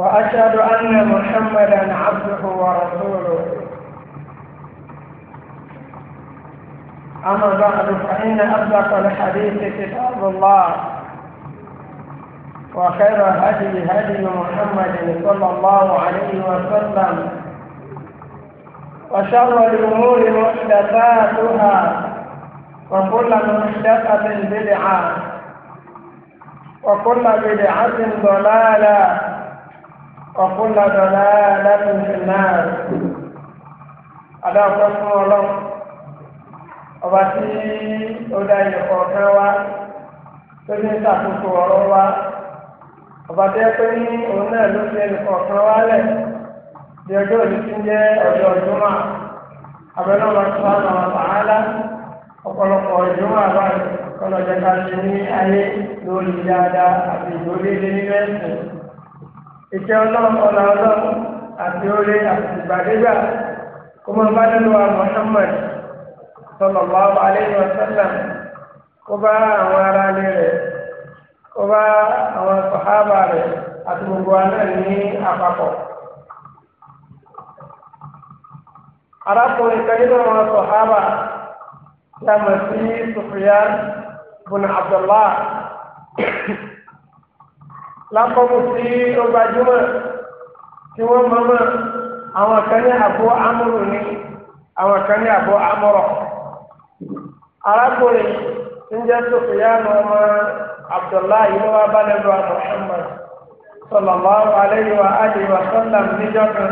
وأشهد أن محمدا عبده ورسوله أما بعد فإن أصدق الحديث كتاب الله وخير هدي هدي محمد صلى الله عليه وسلم وشر الأمور محدثاتها وكل محدثة بدعة وكل بدعة ضلالة وكل ضلالة في النار adáwọ̀ fún ọlọ́run ọba tí ó dá ilẹ̀ kọ̀ọ̀kan wá tó ní ṣàkóso ọ̀rọ̀ wa ọba tó yẹ pé ní òun náà ló fi ẹnì kọ̀ọ̀kan wá lẹ̀ bí ọjọ́ òní ti ń jẹ́ ọjọ́ ìjọba abẹ́lẹ́ ọba tó wà lọ́wọ́ sàálà ọ̀pọ̀lọpọ̀ ìjọba àbáyé kọ́lọ́jẹ́ká ṣe ní ayé ìṣe ọlọ́run ọ̀la ọlọ́run àti orí àti ìgbàdégbà kó mọ bá nínú wa Muhammad sallallahu alaihi wasallam kó bá àwọn ará ilé rẹ̀ kó bá àwọn sàhábà rẹ̀ àti gbogbo wa náà ní àpapọ̀. arákùnrin kan nínú àwọn sàhábà yàmọ̀ sí Sufyan bùnà Abdullah. lápọ́mù tí ó gbajúmọ̀ tí wọ́n mọ̀ mọ̀ àwọn kan àbọ̀ amúrù ni àwọn kan àbọ̀ amúrọ̀ arákùnrin ọmọ Abdullahi Muhammad wa alihi wa sallam níjọ́ kan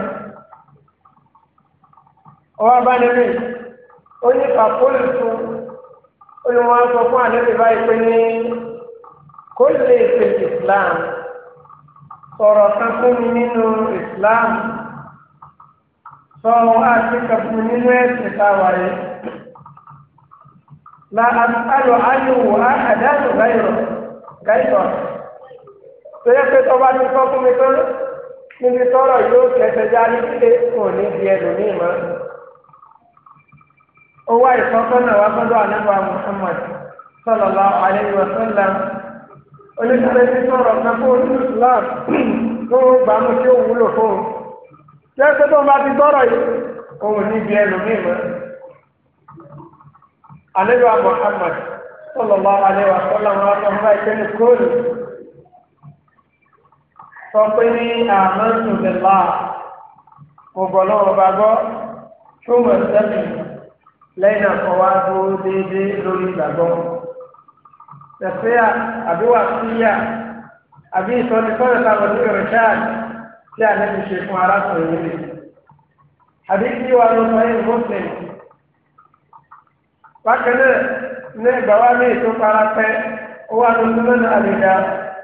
ọwọ́ abánilé ó ní pàpólì fún ó sọ fún àlébí báyìí pé ní kó Islam. sọ̀rọ̀ kan fún nínú Islam sọ̀rọ̀ àṣekà nínú ẹ̀sìn táwa yìí. La àtàlù ayòwò àdánù gáyọ̀ Tó yẹ pé tọ́ba ti sọ fún mi pé níbi tọ́rọ̀ yóò kẹsẹ̀ já ní sílé kò ní di ẹlòmíì Owó àìsàn gbọ́dọ̀ Muhammad alaihi oníṣẹ́ ti sọ̀rọ̀ kan fún onílù Islam tó gbà mú kí ó wúlò fún un tí ẹ pé tó ń bá ti gbọ́rọ̀ yìí òun níbi ẹlòmíì mọ́ àlejò Muhammad sọlọ́lá alẹ́ wa sọlá wọn sọ fún báyìí pẹ́ẹ́lú kóòlù sọ pé ní àmọ́sùn lẹ́la mo bọ̀ lọ́wọ́ gbọ́ tó mọ̀ sẹ́mi lẹ́yìn àkọwá tó déédéé lórí ìgbàgbọ́ tẹ̀síyà àbí wàsíyà àbí ìsọ̀nisọ́rọ̀ táwọn ní rìṣáàd tí a lẹ́nu ṣe fún arákùnrin rẹ̀. àbí kí wà ló sọ yìí muslim. bákan náà ní ìgbà wa ní ètò parapẹ́ ó wà ló sọ lọ́nà àlejò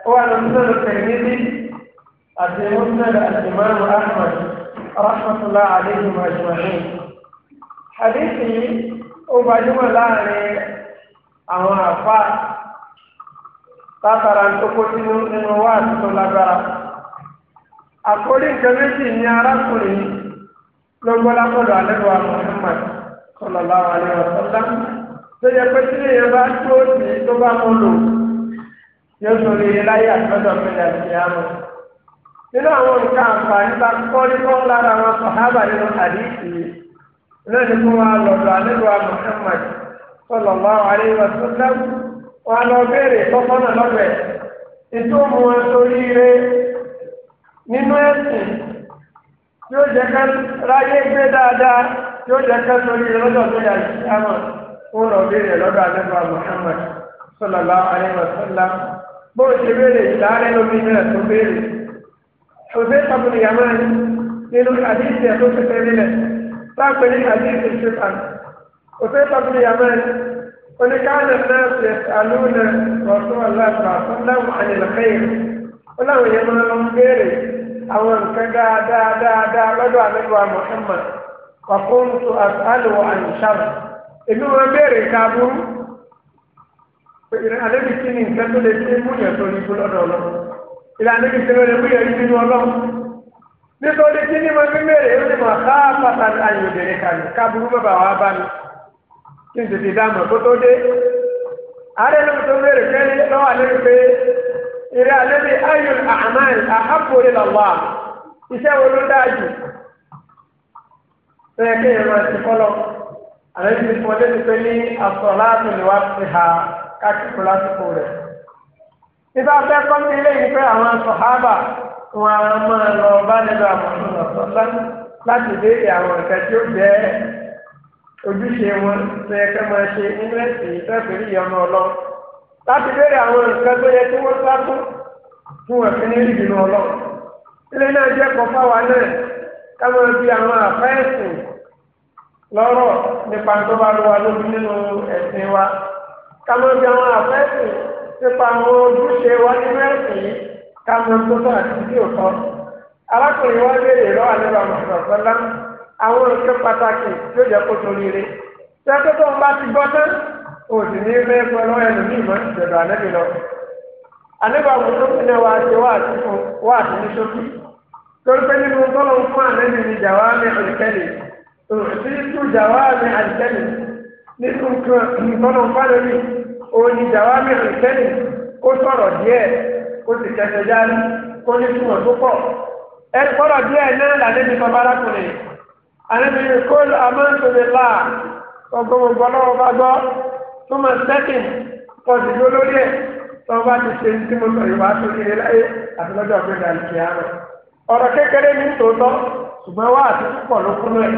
ó wà ló sọ lọ́nà tẹ̀mídì àti muslim àti mọ́rùn ahmed rahmatulah alayhi wa rahmatulahi. àbí kì í ó gbajúmọ̀ láàrin àwọn àfa látara tó kó sínú nínú wá àtúntò lágbára àkórí nǹkan méjì ní arákùnrin ló gbọ́ lápọ̀lọ̀ àlẹ́wà Muhammad sallallahu alaihi wasallam tó yẹ pé sílé yẹn bá tó sí tó bá mú lò yóò sọ̀rọ̀ yẹn láyé àtúntò pẹ̀lú àtìyàmọ̀ nínú àwọn nǹkan àǹfààní bá kọ́ ní kọ́ lára àwọn sàhábà nínú àdìsí náà ni kó wá lọ́dọ̀ àlẹ́wà Muhammad sallallahu alaihi wasallam wà lọ béèrè tọ́sọ́nà lọ́bẹ̀ ètò mu wọn sórí ire nínú ẹ̀sìn tí ó jẹ́ ká ráyé gbé dáadáa tí ó jẹ́ ká sórí ire lọ́dọ̀ tó yà sí àmọ́ ó lọ béèrè lọ́dọ̀ àdébà Muhammad sallallahu alaihi wasallam bó ṣe béèrè ìdáre lómi náà tó béèrè òṣè tàbí yamani nínú àdìsí ẹ̀ tó ti fẹ́ nílẹ̀ láàpẹ̀ ní àdìsí ṣùgbọ́n òṣè tàbí yamani oníkàlẹ̀ náà ṣe àlùnà rọ̀tún aláàbàtún láwọn àyẹ̀lẹ̀kẹ́yìn ó láwọn yẹn máa ń béèrè àwọn nǹkan dáadáa dáadáa lọ́dọ̀ àlejò àmọ̀hánmà kọ̀kúntù àtàlùwọ̀ àyìnṣàlù èmi wọn béèrè káàbù àlejò kí ni nǹkan tó lè ṣe múyàn tó ní gbọ́dọ̀ lọ ìlànà ìgbésẹ̀ ló lè múyàn yìí nínú ọlọ́run nítorí kí ni mo fi béèrè ó ní mọ̀ káàpàtà àyè kí n tètè dá mọ̀ kó tó dé ààrẹ ló tó béèrè kẹ́lí lọ́wọ́ àlejò pé eré àlejò ayọ̀ àmàlì àhàpòrè lọ́wọ́ iṣẹ́ wo ló dáa jù bẹ́ẹ̀ kí ẹ̀rọ ti kọ́lọ̀ àlejò ti fún ọdẹ ti pé ní àsọ̀lá àtúnìwá ti ha kákìkù lásìkò rẹ̀ nígbà fẹ́ kọ́ ní ilé yìí pé àwọn sọ̀hábà wọn máa lọ bá nílò àwọn ọ̀sán láti béèrè àwọn ìkẹ́jọ́ bẹ́ẹ̀ ojúṣe wọn tó yẹ ká máa ṣe nínú ẹ̀sìn ìtẹ́fẹ̀rí ìyọnu ọlọ́run láti béèrè àwọn nǹkan tó yẹ kí wọ́n sá fún fún ẹ̀fín ní ìdùnnú ọlọ́run ilé náà jẹ́ kọ́ fáwa náà ká máa bi àwọn àfẹ́ẹ̀sìn lọ́rọ̀ nípa tó bá lọ wa lójú nínú ẹ̀sìn wa ká máa bi àwọn àfẹ́ẹ̀sìn nípa àwọn ojúṣe wa nínú ẹ̀sìn yìí ká máa tó tó àti tí ò alákùnrin wa béèrè lọ́wọ́ àlẹ́ àwọn nǹkan pàtàkì yóò jẹ́ kó torí rẹ̀ tẹ́tọ́ tó ń bá ti gbọ́ tán o sì ní bẹ́ẹ̀ pẹ́ lọ́wọ́ ẹnu ní ìmọ̀ ìjọba ànẹ́bí lọ. ànẹ́bí àwọn olókùn náà wàá ṣe wàá sí fún wàá sí ní ṣókí torí pé nínú tọ́lọ̀ ń fún ànẹ́bí ní jàwá mi àdìkẹ́lì sí tú jàwá mi àdìkẹ́lì nínú tọ́lọ̀ ń fún mi òun ní jàwá mi àdìkẹ́lì kó sọ̀rọ̀ díẹ̀ kó sì kẹsẹ̀ jáde kó ní túmọ̀ tó pọ̀ àlẹ́bìnrin kó amọ́ntòlélà ọgbọ́gbọ́gbọ́ lọ́wọ́ bá gbọ́ tó máa sẹ́kìn pọ̀ sí ló lórí ẹ̀ tó bá ti ṣe tí mo sọ yorùbá tó ní ilé ayé àti lọ́jọ́ ọ̀gbìn dàlí kì á lọ. ọ̀rọ̀ kékeré ní tòótọ́ ṣùgbọ́n wá àti púpọ̀ ló kúrò ẹ̀.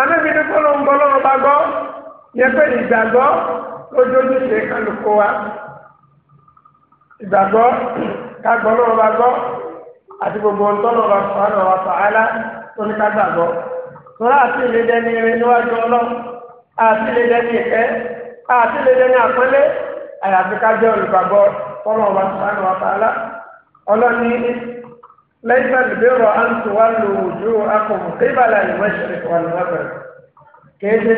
àlẹ́bìnrin kó ló ń gbọ́ lọ́wọ́ bá gbọ́ yẹ pé ìgbàgbọ́ lójoojú ṣe kálukú wa ìgbàgbọ́ kágbọ́ lọ́wọ́ gbọ́ àti gbogbo ọ̀ntọ́ lórí kágbàgbọ́ lórí àti ilé dẹni irin níwájú ọlọ́run àti ilé dẹni ìfẹ́ àti ilé dẹni àpẹẹlẹ àyàfi kájọ olùgbàgbọ́ fọlọ́n wa sàánù wa fàálà ọlọ́ni lẹ́yìn ìbéèrò àǹtí wa lò ojú akọ̀wò kébàlà ìwé ṣẹlẹ̀ wà lọ́wọ́ sí ìyẹn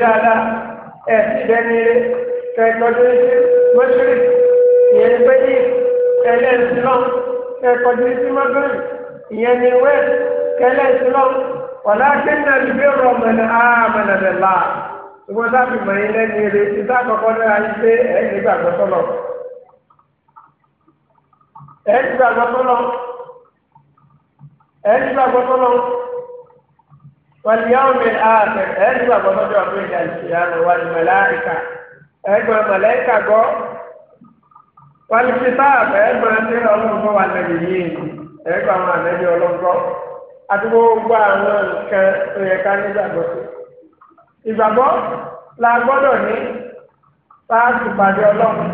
náà kẹlẹ ìṣúná ọ̀nà akéwìnà ìgbé rọmọnà àmàlà lẹ́la ìwọ́n sábì mọ̀ yín lẹ́nu eré títí àkọ́kọ́ náà yín pé ẹ̀ gbàgbọ́ sọ́nà ẹ̀ gbàgbọ́ sọ́nà ẹ̀ gbàgbọ́ sọ́nà wàlíyàwó mi àfẹ ẹ̀ gbàgbọ́ sọ́jọ́ àbúrò ìjà ìṣìyànà wàlí màláìka ẹ̀ gbọ́n màláìka gbọ́ wàlí àdúgbò gbogbo àwọn nǹkan tó yẹ ká nígbàgbọ́ sí. ìgbàgbọ́ la gbọ́dọ̀ ní láti pàdé ọlọ́run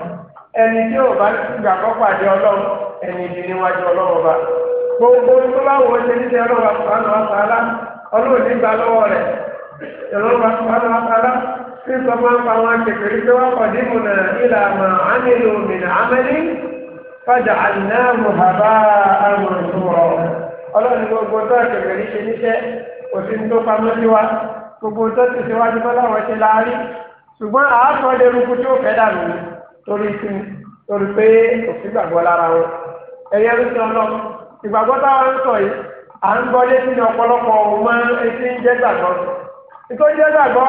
ẹni tí ò bá gbàgbọ́ pàdé ọlọ́run ẹni ìdí níwájú ọlọ́run ọba. gbogbo tó bá wọ ṣe ní ọlọ́run àpàánù ọlọ́run lọ́wọ́ rẹ̀ ọlọ́run àpàánù tí sọ àwọn àmà fàjà àmọ̀ ìṣòro. ọlọ́run gbogbo tó ẹ̀kẹ̀kẹ̀ ní ṣe níṣẹ́ òsì tó pamọ́ sí wa gbogbo tó ti ṣèwádìí bọ́lá wọn ṣe láàárín ṣùgbọ́n àásọ derúkú tí ó fẹ́ dànù torí sí torí pé òfin gbàgbọ́ lára wọn ẹ̀yẹ ló ti lọ ìgbàgbọ́ táwọn ń sọ yìí à ń gbọ́ létí ní ọ̀pọ̀lọpọ̀ ọmọ etí ń jẹ́ gbàgbọ́ ìtọ́ jẹ́ gbàgbọ́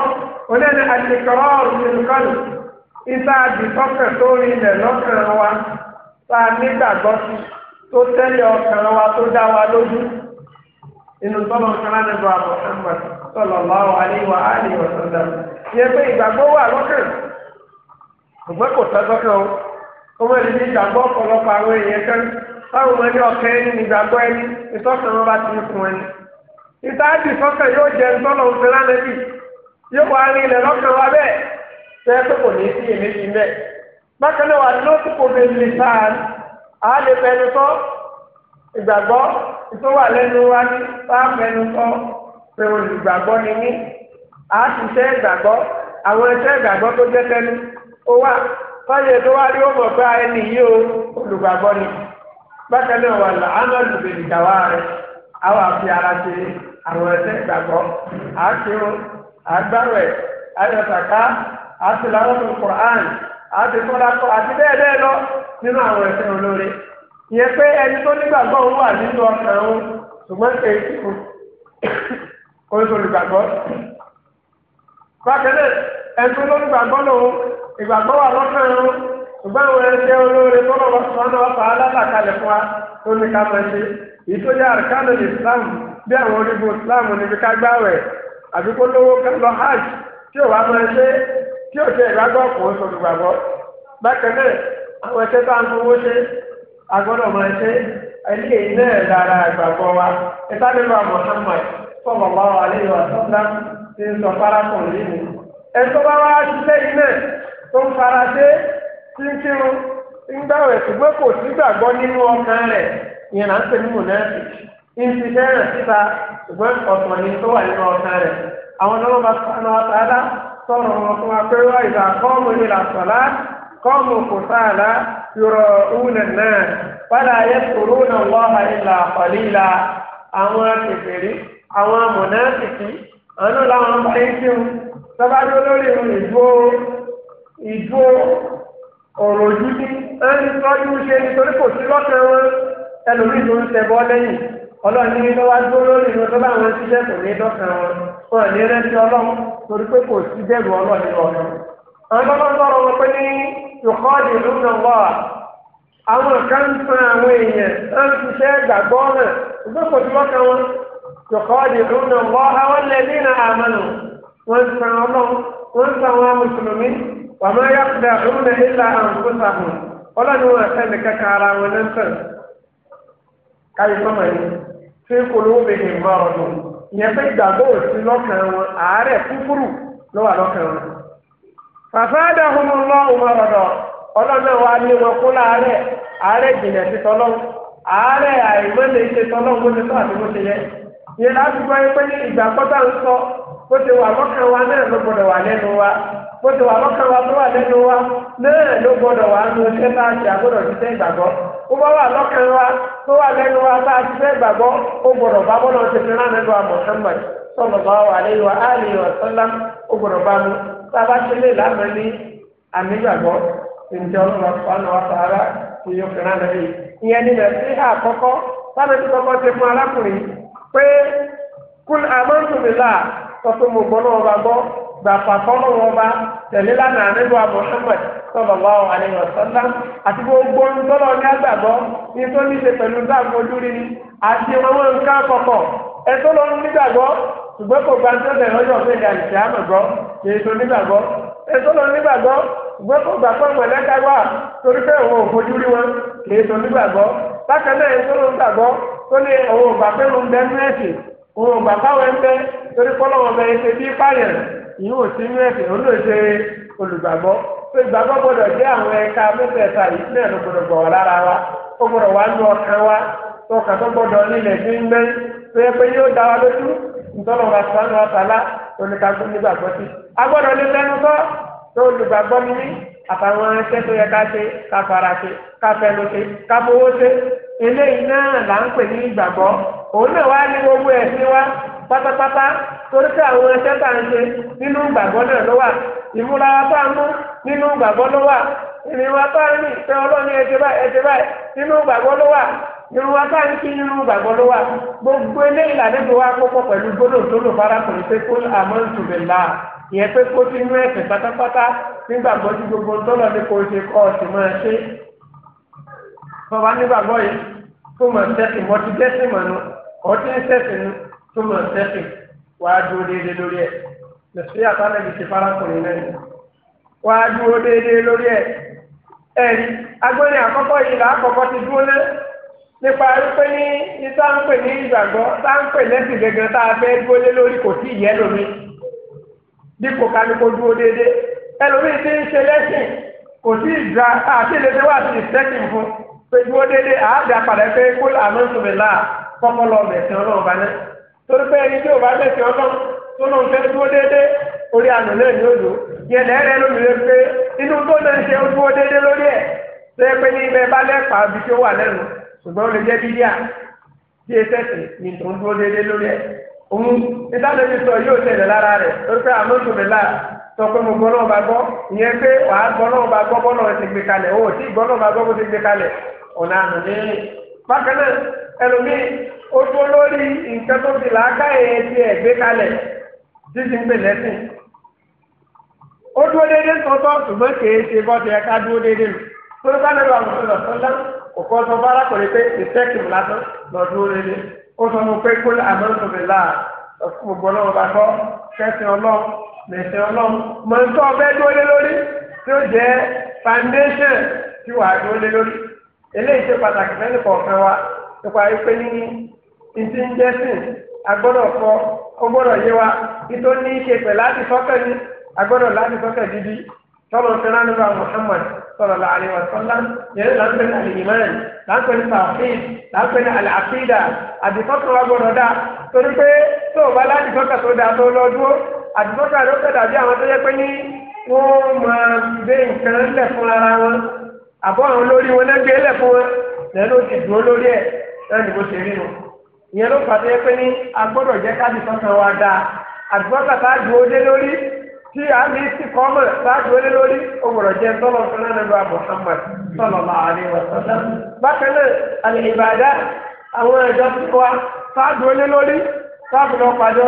onẹ́ni àtìkọ́rọ́ tó tẹ́lẹ̀ ọkàn wa tó dá wa lójú inú tọ́lọ̀ kaná nípa Muhammad sallallahu alaihi wa alihi wa sallam yẹ pé ìgbàgbọ́ wà lọ́kàn ọ̀gbẹ́ kò tọ́jọ́ kan o ọmọ ẹni ìgbàgbọ́ ọ̀pọ̀lọpọ̀ àwọn èèyàn kan táwọn ọmọ ọ̀kẹ́ ẹni ìgbàgbọ́ ẹni ìtọ́sọ̀ wọn bá ti ń fún ẹni sọ́kàn yóò jẹ yóò wá rí ilẹ̀ lọ́kàn wa bẹ́ẹ̀ kò ní í sí a lè fẹnu sọ ìgbàgbọ́ tó wà lẹ́nu wa ní bá fẹnu sọ pé olùgbàgbọ́ ni mí a sì ṣe ìgbàgbọ́ àwọn ẹṣẹ́ ìgbàgbọ́ tó jẹ́ tẹnu ó wà fáyé tó ó mọ̀ pé ẹni yìí olùgbàgbọ́ ni bákan náà wà lọ àwọn àfi ara ṣe àwọn ẹsẹ̀ ìgbàgbọ́ làwọn ọmọ àti bẹ́ẹ̀ bẹ́ẹ̀ lọ nínú àwọn ẹ̀sẹ̀ olóore ìyẹn pé ẹni tó nígbàgbọ́ òun wà nínú ọkàn òun ṣùgbọ́n ṣe é kíkù olùgbàgbọ́ bákan náà ẹni tó lónígbàgbọ́ lòun ìgbàgbọ́ wà lọ́kàn òun ṣùgbọ́n àwọn ẹ̀sẹ̀ olóore tó lọ́wọ́ ọ̀fà alábàkalẹ̀ fún wa tó ní ká máa ṣe èyí tó àrùkánù Islam bí àwọn onígun Islam níbi ká gbáwẹ̀ àbí kó lówó lọ hajj tí ò wá máa ṣe àwọn ẹ̀ṣẹ̀ tá à ń fowó ṣe agbọ́dọ̀ máa ṣe ilé náà lára ìgbàgbọ́ wa ẹ̀ta Muhammad sọ̀rọ̀ bá wa sọ́dá ti ń sọ nínú. bá wá ṣiṣẹ́ iná tó ń fara ń kò sí gbàgbọ́ nínú ọkàn rẹ̀ ìyẹn là ń pè síta ṣùgbọ́n ọ̀sán ni tó wà nínú ọkàn rẹ̀ àwọn kọ́mù kùsàlà yọrọ òun náà fàlà yẹtùrú náà wọ́ọ̀hà ìlà ọ̀lìlà àwọn kèfèrí àwọn mọ̀nàfìkì àánú làwọn bá ń kí wọn sábàdé olórí wọn ìdúró ìdúró ọ̀rọ̀ ojú ní ẹni tọ́jú ṣe nítorí kò sí lọ́kàn wọn ẹlòmíì tó ń tẹ̀bọ́ lẹ́yìn ọlọ́ọ̀ni ní lọ́wọ́ dúró lórí wọn tó bá wọn ṣiṣẹ́ kò ní lọ́kàn wọn wọn ní rántí ọlọ́run torí pé kò sí bẹ́ẹ̀rù ọlọ́ọ̀ni lọ́ọ̀nà àwọn tó bá ń sọ̀rọ̀ wọn pé ní ìkọ́lì lónà wà àwọn kan fún àwọn èèyàn ń ṣiṣẹ́ gbàgbọ́ náà ìgbẹ́kọ̀ tí wọ́n kan wọn ìkọ́lì lónà àwọn lẹ́bí náà àmàlù wọ́n ń san ọlọ́run wọ́n ń san mùsùlùmí wà máa yá ọlọ́run wọn ní ara wọn wọn àárẹ̀ fàfáàdà ọmọlọ ọmọrọdọ ọlọmọ wa lé wọn kó láàárẹ̀ àárẹ̀ jìnà sí tọlọ àárẹ̀ àìmọlẹ ìṣe tọlọ bó ti tọ àti ti yẹ ní ìgbà wa náà ló wa bó ti wà wa tó wà wa náà ló wà a ṣe wa tó wà wa tá a ṣiṣẹ́ ìgbàgbọ́ ó gbọ́dọ̀ bá ti fi rán wa sábà tẹ́lẹ̀ lámẹ́ ní ànígbàgbọ́ ìjọ ọlọ́run wa sàárà tí yóò fi rán lẹ́yìn. ìyẹn ni bẹ̀rẹ̀ sí àkọ́kọ́ sábẹ́ tí kọ́kọ́ ti fún arákùnrin pé kún àmọ́tòmílà tọ́tún mo gbọ́ náà wọ́n gbọ́ gbàpà fọ́nà wọn bá tẹ̀lé lánàá nílùú Muhammad sallallahu alaihi wasallam àti gbogbo ńtọ́lọ́ ní àgbàgbọ́ ní tó ní ṣe pẹ̀lú dáàbò ojú rí ni àti wọn wọn ń ká ẹ̀ tó lọ nígbàgbọ́ ṣùgbọ́n kò gba tó bẹ̀rẹ̀ ọjọ́ fún ìdá ìṣẹ́ àmọ̀gbọ́ èso nígbàgbọ́ èso lọ nígbàgbọ́ ṣùgbọ́n kò gbà pọ̀ mọ̀lẹ́ka wà torí pé òun ò fojú rí wọn èso nígbàgbọ́ bákan náà èso ló tó òun pé òun bẹ ẹ̀sìn òun torí bẹ ẹsẹ̀ pààyàn ìyún ntọ́nà wa sànù àtàlà oníkagbọ́n nígbàgbọ́ sí. agbọ́dọ̀ lè fẹ́nu kọ́ tó olùgbàgbọ́ mi ní àtàwọn ẹsẹ̀ tó yẹ ká ṣe ká fara ṣe ká fẹnu ṣe ká fowó ṣe eléyìí náà là ń pè ní ìgbàgbọ́ òun náà wá ní pátápátá torí pé àwọn ẹsẹ̀ tá à ń ṣe nínú ìgbàgbọ́ náà ló wà ìmúra wa tá a mú nínú ìgbàgbọ́ ló wà ìrìn wa tá a rìn pé ọlọ́ni ẹ̀jẹ̀ báyìí ẹ̀jẹ̀ báyìí nínú ìgbàgbọ́ ló wà irun wa tá a ń kí nínú ìgbàgbọ́ ló wà gbogbo eléyìí làdébò wa kópọ̀ pẹ̀lú gbódò tó lò farakùnrin pé kó àmọ́ ìtùbẹ̀lá ìyẹn pé kó sínú ẹ̀sìn pátápátá nígbàgbọ́ tí gbogbo ń tọ́lọ̀ ní kò ṣe kọ́ ọ̀sìn máa ṣe bàbá nígbàgbọ́ yìí tó mọ̀ sẹ́sìn mọ́ ti dẹ́sìn mọ̀ nù ọ́ ti ń sẹ́sìn nù tó mọ̀ sẹ́sì wàá dúró déédéé lórí ẹ̀ lọ́sílẹ̀ àtàlẹ́bí ti farakùnrin náà wàá dúró déédéé lórí ẹ̀ ẹ̀rí agbóni àkọ́kọ́ yìí ti dúró lé nípa ní ní ìgbàgbọ́ lẹ́sìn gẹ́gẹ́ tá a fẹ́ dúró lé lórí kò sí ti ń ṣe lẹ́sìn kò sí ìdra àti ìdèdè wà sí ìsẹ́kìn fún pé dúró déédéé àádá pé kó àmọ́ torí pé ẹni tí ò bá tẹ̀sí ọlọ́run tó lóun fẹ́ dúró déédéé orí àná náà ni ó lò yẹn lẹ́rẹ̀ lómi lè pé inú tó náà ṣe ó dúró déédéé lórí ẹ̀ tó yẹ pé ní ibẹ̀ bá lẹ́pàá ibi tí ó wà lẹ́nu ṣùgbọ́n ó lè jẹ́ bídíà bí ẹsẹ̀ sì ní tó dúró déédéé lórí ẹ̀ òun ìdánilẹ́bí sọ yóò tẹ̀lé lára rẹ̀ torí pé àmọ́ tòmílà sọ pé mo gbọ́ náà bá gbọ́ ìyẹn pé wàá gbọ́ náà bá gbọ́ bọ́nà ti gbé kalẹ̀ o tí gbọ́ náà bá gbọ́ bó ti gbé kalẹ̀ ọ̀nà àná ní. bákan náà ẹlòmíì ó dúró lórí nǹkan tó fi làákà èyí ti ẹ̀ gbé kalẹ̀ títí ń pè lẹ́sìn ó dúró déédé sọ́tọ̀ ṣùgbọ́n kìí ṣe bọ́ọ̀dù ẹ̀ka dúró déédé lò tó ló bá lọ́wọ́ àwọn ọ̀sán lọ́sọ́lá kò kọ́ sọ fún arákùnrin pé ìtẹ́kìm lásán lọ dúró déédé ó sọ fún pé kó àmọ́ sọ̀rọ̀ láà gbogbo ọlọ́run bá kọ́ kẹsìn ọlọ́run lẹ̀sìn ọlọ́run mọ̀ ń tọ́ ọbẹ̀ dúró lé lórí tí ó jẹ́ foundation tí wàá dúró lé lórí eléyìí ṣe pàtàkì fẹ́ẹ́ nípa ipe ní ìdí ń jẹ́ sìn agbọ́dọ̀ kọ ó gbọ́dọ̀ yé wa ìtò ní í ṣe pẹ̀lú láti fọ́kẹ́ ní agbọ́dọ̀ láti fọ́kẹ́ dídí tọ́lọ̀ fẹ́ràn nínú àwọn Muhammad sọ̀rọ̀ láàrin wa sọ́lá yẹn láńpẹ́ ní alìyìmán láńpẹ́ ní tàfíìn láńpẹ́ ní àlàáfíìdà àdìfọ́kẹ́ wa gbọ́dọ̀ dá torí pé tó o bá láti fọ́kẹ́ tó dáa tó lọ dúró àdìfọ́kẹ́ ló fẹ́ dàbí àwọn tó yẹ pé ní wọ́n máa gbé nǹkan lẹ̀ fún ara wọn àbọ̀ àwọn lórí wọn lẹ́gbẹ̀ẹ́ lẹ̀ fún wọn lẹ́nu ti dùn lórí ẹ̀ ẹni bó ṣe rí ìyẹn ló fàtẹ́ pé ní agbọ́dọ̀ jẹ́ káàdì sọ́kàn wa dáa àdúgbò kàtà dúró dé lórí tí a ní sí kọ́mọ̀ láti wọlé lórí òwúrọ̀ jẹ́ tọ́lọ̀ fúnlẹ̀ nígbà bákan náà àwọn ẹ̀jọ́ lórí pàdé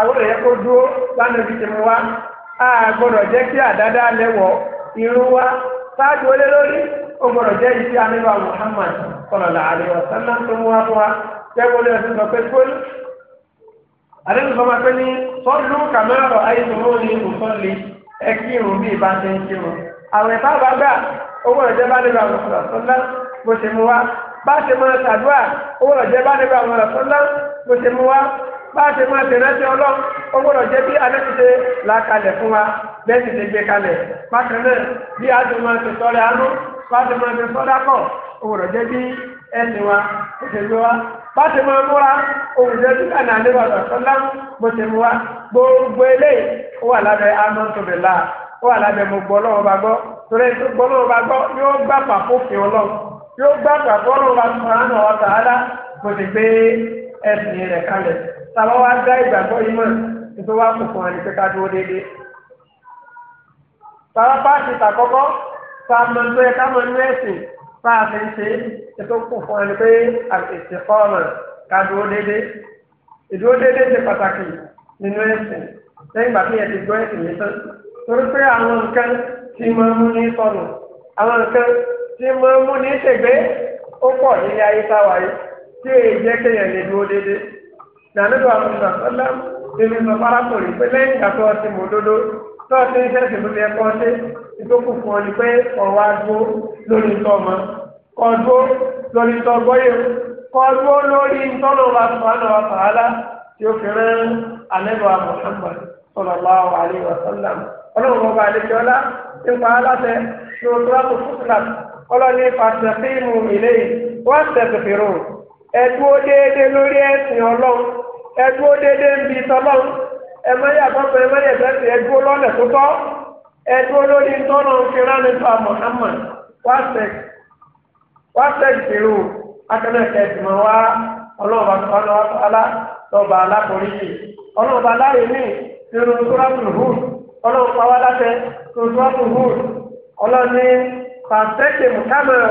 ọlọ́run wa a gbọ́dọ̀ jẹ́ kí àdáda lẹ́wọ̀ irun wa sáájú olé lórí ó gbọ́dọ̀ jẹ́ ìdí anílò Muhammad sọlọlá àríwá sálá tó mú wá fún wa tẹ́gbọ́n lé ẹ̀sìn lọ́pẹ́ gbóni. àdéhùn sọ ma pé ní sọ́ọ̀lù kàmẹ́rọ̀ ayélujára ní ìmùsọ̀lì ẹ kírun bí ìbá ṣe ń kírun. àwọn ẹ̀fá bá gbà ó jẹ́ bá nílò sọ́lá bó ṣe mú wa bá ṣe mọ́ ṣàdúrà ó jẹ́ bá nílò sọ́lá bó ṣe mú wa bá a ṣe máa tẹ̀rántí ọlọ́run ó gbọ́dọ̀ jẹ́ bí alẹ́tìṣe là kalẹ̀ fún wa bẹ́ẹ̀ sì gbé kalẹ̀ bákan náà bí a máa sọ́rẹ́ àánú bá wa ó ṣe wa bá a máa múra ohun jẹ́ bó wa gbogbo eléyìí ó wà lábẹ́ ó wà lábẹ́ mo gbọ́ bá gbọ́ torí ẹni tó gbọ́ bá gbọ́ yóò gbà ọlọ́run yóò gbà ọlọ́run bá tún tàbá wá dá ìgbàgbọ́ yìí mọ̀ nítorí wá kò fún wa ní pé ká dúró déédéé. tàbá páàkì tàkọ́kọ́ tá a mọ̀ nítorí ká mọ̀ nínú ẹ̀sìn tá a fi ń ṣe ètò kò fún wa ní pé àtẹ̀sí fọ́ọ̀mù ká dúró déédéé. ìdúró déédéé ṣe pàtàkì nínú ẹ̀sìn lẹ́yìn ìgbà tí yẹn ti gbọ́ ẹ̀sìn yìí tán torí pé àwọn nǹkan tí máa ń mú ní sọnù àwọn nǹkan tí máa ń mú ní ṣègbé ó pọ̀ nílé ayé táwa tí èyí jẹ́ kéèyàn lè dúró déédéé nànídọ̀ àmúta sọ́lá èmi sọ fárákùnrin pé lẹ́yìn ìgbà tó ọtí mọ̀ òdodo tó ọtí iṣẹ́ ìṣèlú ni ẹ̀kọ́ ṣe ìtókù fún ọ ni pé ọ̀wá dúró lórí ìtọ́ ọmọ kọ́ dúró lórí ìtọ́ gbọ́yè kọ́ dúró lórí ìtọ́nà wa sọ̀rọ̀ wa sàálà tí ó fi rán ànídọ̀ àmọ̀ sallallahu alaihi wa sallam ọlọ́run ọba àlejòọ́lá nípa aláṣẹ ní oṣù látò fúkúlà ọlọ́ni ẹdúró déédé lórí ẹ̀sìn ọlọ́run ẹdúró déédé ń bi tọ́lọ́run ẹmọ́yà bọ́pẹ́ ẹmọ́yà bẹ́sẹ̀ ẹdúró lọ́nà tó tọ́ ẹdúró lórí tọ́nà fìránì tó Muhammad wàṣẹk wàṣẹk ìgbìmọ̀ wa ọlọ́ọ̀bà tọ́lọ́ alá lọ́ba ọlọ́ọ̀bà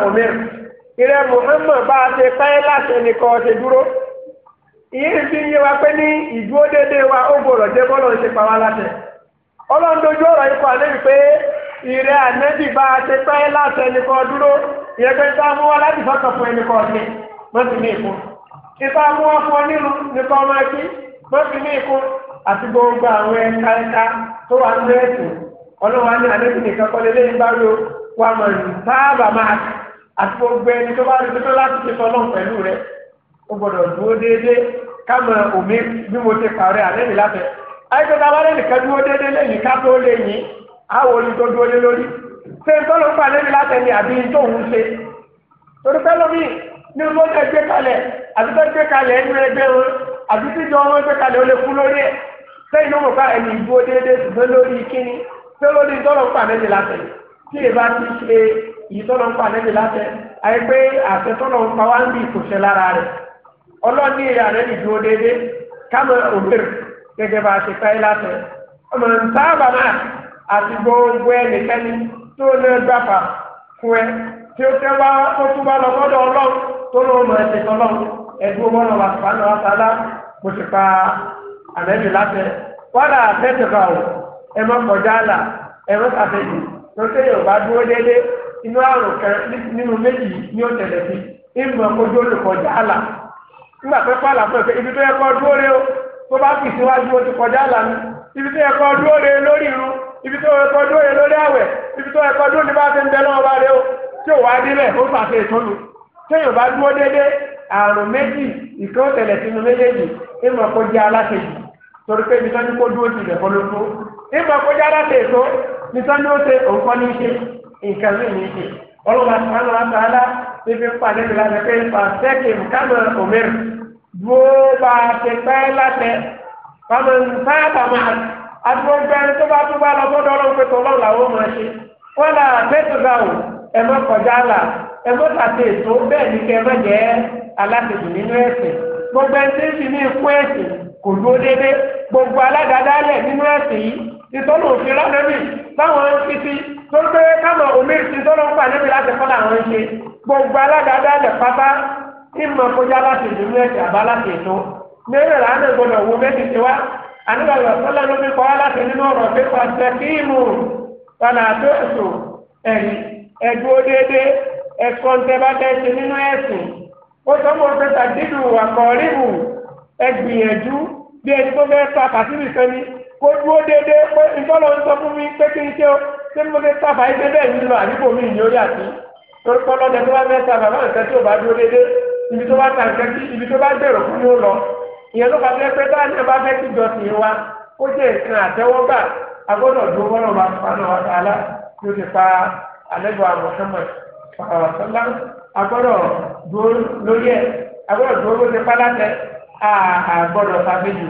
aláyè ìrẹ Muhammad bá a ṣe pẹ́ láti ẹnìkan ṣe dúró ìyẹn fi yé wa pé ní ìdúró déédéé wa ó gbọ́dọ̀ dị bọ́lọ̀ ṣe pa wá láti ọlọ́run dojú ọ̀rọ̀ ikọ̀ àlẹ́bí pé ìrẹ ànẹ́bí bá ṣe pẹ́ láti ẹnìkan dúró ìyẹn pé tá a mú wa láti fún ẹnìkan ní ìkún mú wa fún ọ nínú nìkan ọmọ ẹkí ní ìkún àti gbogbo àwọn àti gbogbo ẹni tó bá rí tó tó láti ṣe tọ́lọ́ pẹ̀lú rẹ ó gbọ́dọ̀ dúró déédéé kámọ òmí bí mo ti pàrọ̀ àlẹ́ mi láfẹ́ àìsàn tá a bá lẹ́nu kan dúró déédéé lẹ́yìn ká tó lè yìn àwọn olùtọ́ dúró lé lórí ṣé tọ́lọ́ pa àlẹ́ mi láfẹ́ ni àbí tó ń ṣe torí pẹ́ lómi ní mo tẹ́ gbé kalẹ̀ àti tẹ́ gbé kalẹ̀ ẹnu ẹgbẹ́ wọn àti tíjọ wọn gbé kalẹ̀ ó lè kú lórí ẹ̀ sẹ́yìn ló mọ̀ bá ẹni ìdúró déédéé ṣùgbọ́n ìtọ́nà ń pa ànẹ́bì láṣẹ àyè pé àṣẹ ń pa wá ń bí ìkòṣẹ́ lára rẹ̀ ọlọ́ọ̀ni ànẹ́bì dúró déédéé kámọ òmìnir gẹ́gẹ́ bá a ṣe fẹ́ láṣẹ ọmọ ntaaba náà àti gbogbo ẹnikẹ́ni fún ẹ tí ó fẹ́ wá ó tún lọ ọlọ́run tó ẹsẹ̀ tọ́lọ́run ẹ̀dúró mọ́nà wà inú àrùn kan nínú méjì ní ọ̀tẹ̀lẹ̀ sí ìmọ̀ ojú olùkọjá àlà nígbà pé pààlà fún ẹ̀fẹ́ ibi tó yẹ kọ́ dúró rẹ o tó bá fi síwájú o ti kọjá àlà ni ibi tó yẹ kọ́ dúró rẹ lórí irun ibi tó yẹ kọ́ dúró rẹ lórí àwẹ̀ ibi tó yẹ kọ́ dúró ní bá fi ń bẹ lọ́wọ́ bá rẹ o tí ò wá délẹ̀ ó fàṣẹ ìtọ́nu téèyàn bá dúró dédé àrùn méjì ìkẹ́ ọ̀tẹ̀lẹ̀ sínú méjèèjì ìmọ̀ kọjá alákejì torí pé ibi tó ní kó dúró ti ìbẹ̀kọ́ ló tó ìmọ̀ kọjá alákejì tó ní sọ́ni ó ṣe òǹkọ́ ní í ṣe nǹkan mi ní ìdè ọlọ́wà sàánù àtàlà tó fi pàdé mi láti pé pàṣẹ́kì kánà òmìnir dúró bá a ti pẹ́ látẹ kánà nǹkan àmà àtúgbẹ́ni tó bá tún bá lọ bọ́dọ̀ ọlọ́run pé tó lọ́wọ́ làwọn máa ṣe wọ́n là mẹ́tòdà ò ẹ kọjá là ẹ má tàtí bẹ́ẹ̀ ni kẹ́ ẹ má jẹ́ alátẹ̀jù nínú ẹ̀sìn gbogbo ẹni tí ní ikú ẹ̀sìn kò dúró déédéé gbogbo aládàáda lẹ̀ nínú ẹ̀sìn yìí ìtọ́nù òfin lọ́nẹ́bì táwọn ń tó gbé káwọn òmìnir ti tọ́nù ń pa níbi láti kọ́ làwọn ń ṣe gbogbo aládàáda lẹ̀ pápá ìmọ̀ kójá láti ìlú àbá láti ìlú mẹ́rin gbọdọ̀ wo sọ́lá ló fi kọ́ wá láti nínú ọ̀rọ̀ pé pàṣẹ èso ẹ̀kọ́ ń tẹ́ bá nínú ẹ̀sìn ó sọ tàdídù kó dúró déédéé pé ìtọ́lọ̀ ń sọ fún mi pé kí n ṣe o ṣé mo ti sábà yìí pé bẹ́ẹ̀ mi lọ àdúgbò mi ìyẹn orí àti torí pé ọlọ́dẹ tó bá fẹ́ sábà máa ń tẹ́ tí ò bá dúró déédéé ibi tó bá ta nǹkan sí ibi tó bá gbèrò fún yóò lọ ìyẹn ló bá fẹ́ pé báyìí náà bá fẹ́ kí jọ̀sìn wa kó jẹ́ ìsìn àtẹ́wọ́gbà agbọ́dọ̀ dúró wọ́n bá fana wa tààlà kí o ti pa alẹ́gbọ̀ Muhammad sọ́lá agbọ́dọ̀ dúró lórí ẹ̀ agbọ́dọ̀ dúró ló ti pa látẹ̀ àgbọ́dọ̀ sábẹ́jù